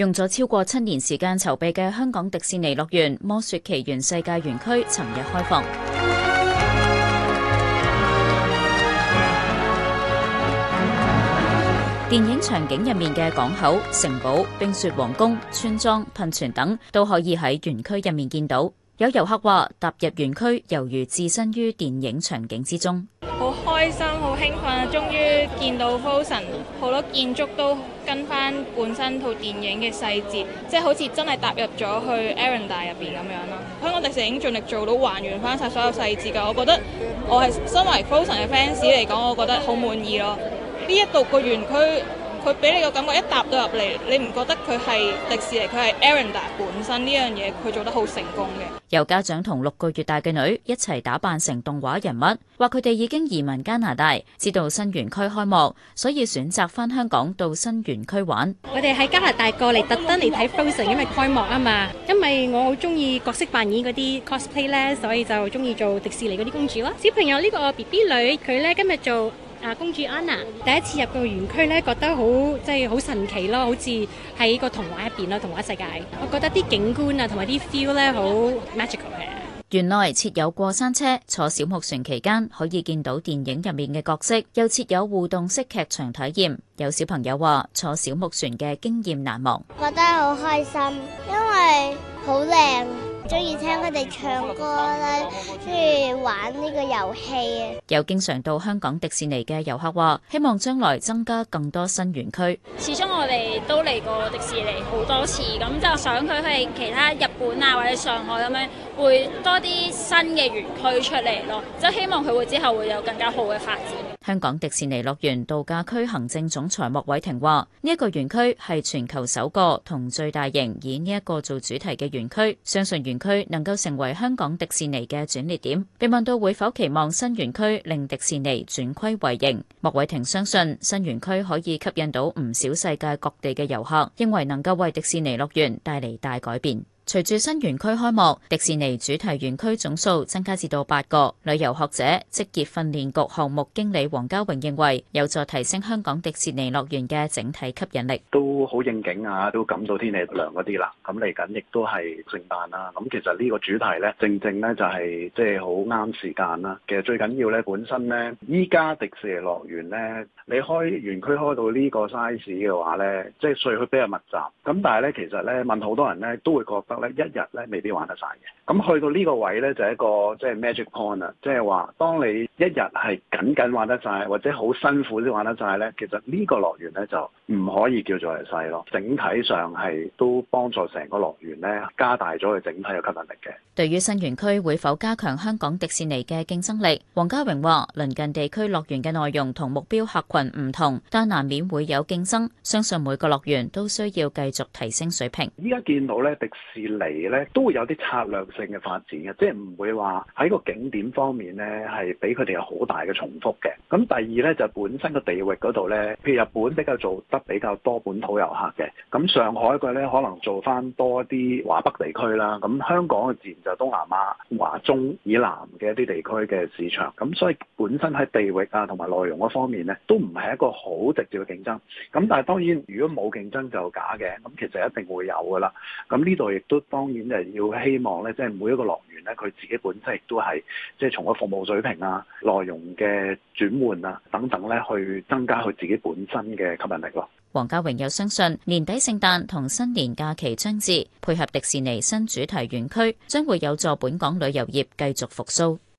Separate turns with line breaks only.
用咗超過七年時間籌備嘅香港迪士尼樂園《魔雪奇緣》世界園區，尋日開放。 電影場景入面嘅港口、城堡、冰雪皇宮、村莊、噴泉等，都可以喺園區入面見到。有遊客話，踏入園區猶如置身於電影場景之中。好開心，好興奮，終於見到《Frozen》，好多建築都跟翻本身套電影嘅細節，即係好似真係踏入咗去 Arendelle 入邊咁樣啦。香港迪士尼已經盡力做到還原翻晒所有細節㗎，我覺得我係身為《Frozen》嘅 fans 嚟講，我覺得好滿意咯。呢一度個園區。佢俾你個感覺一搭到入嚟，你唔覺得佢係迪士尼，佢係 Arendelle 本身呢樣嘢佢做得好成功嘅。有家長同六個月大嘅女一齊打扮成動畫人物，話佢哋已經移民加拿大，知道新園區開幕，所以選擇返香港到新園區玩。
我哋喺加拿大過嚟，特登嚟睇 Frozen，因為開幕啊嘛，因為我好鍾意角色扮演嗰啲 cosplay 咧，所以就鍾意做迪士尼嗰啲公主咯。小朋友呢個 BB 女佢咧今日做。啊！公主安娜第一次入到園區咧，覺得好即係好神奇咯，好似喺個童話入邊咯，童話世界。我覺得啲景觀啊，同埋啲 feel 咧好 magical 嘅。
園內設有過山車，坐小木船期間可以見到電影入面嘅角色，又設有互動式劇場體驗。有小朋友話坐小木船嘅經驗難忘，
覺得好開心，因為。中意聽佢哋唱歌啦，中意玩呢個遊戲啊！
有經常到香港迪士尼嘅遊客話，希望將來增加更多新園區。始終我哋都嚟過迪士尼好多次，咁就想佢去其他日本啊或者上海咁樣，會多啲新嘅園區出嚟咯。即係希望佢會之後會有更加好嘅發展。香港迪士尼樂園度假區行政總裁莫偉庭話：呢一個園區係全球首個同最大型以呢一個做主題嘅園區，相信園。區能夠成為香港迪士尼嘅轉捩點。被問到會否期望新園區令迪士尼轉虧為盈，莫偉庭相信新園區可以吸引到唔少世界各地嘅遊客，認為能夠為迪士尼樂園帶嚟大改變。隨住新園區開幕，迪士尼主題園區總數增加至到八個。旅遊學者職業訓練局項目經理黃家榮認為，有助提升香港迪士尼樂園嘅整體吸引力。
都好應景啊，都感到天氣涼嗰啲啦。咁嚟緊亦都係聖誕啦。咁其實呢個主題呢，正正呢就係即係好啱時間啦。其實最緊要呢，本身呢，依家迪士尼樂園呢，你開園區開到呢個 size 嘅話呢，即係雖然佢比較密集，咁但係呢，其實呢，問好多人呢，都會覺得。一日咧未必玩得晒嘅，咁去到呢個位呢，就係一個即係 magic point 啦，即係話當你一日係僅僅玩得晒，或者好辛苦先玩得晒呢。其實呢個樂園呢，就唔可以叫做係細咯。整體上係都幫助成個樂園呢，加大咗佢整體嘅吸引力嘅。
對於新園區會否加強香港迪士尼嘅競爭力，黃家榮話：鄰近地區樂園嘅內容同目標客群唔同，但難免會有競爭。相信每個樂園都需要繼續提
升水平。依家見到呢迪士尼。而嚟咧都會有啲策略性嘅發展嘅，即係唔會話喺個景點方面咧係俾佢哋有好大嘅重複嘅。咁第二咧就是本身個地域嗰度咧，譬如日本比較做得比較多本土遊客嘅，咁上海嘅咧可能做返多啲華北地區啦。咁香港嘅自然就東南亞、華中以南嘅一啲地區嘅市場。咁所以本身喺地域啊同埋內容嗰方面咧都唔係一個好直接嘅競爭。咁但係當然如果冇競爭就假嘅，咁其實一定會有㗎喇。咁呢度亦～都當然就係要希望咧，即係每一個樂園咧，佢自己本身亦都係即係從個服務水平啊、內容嘅轉換啊等等咧，去增加佢自己本身嘅吸引力咯。
黃家榮又相信年底聖誕同新年假期將至，配合迪士尼新主題園區，將會有助本港旅遊業繼續復甦。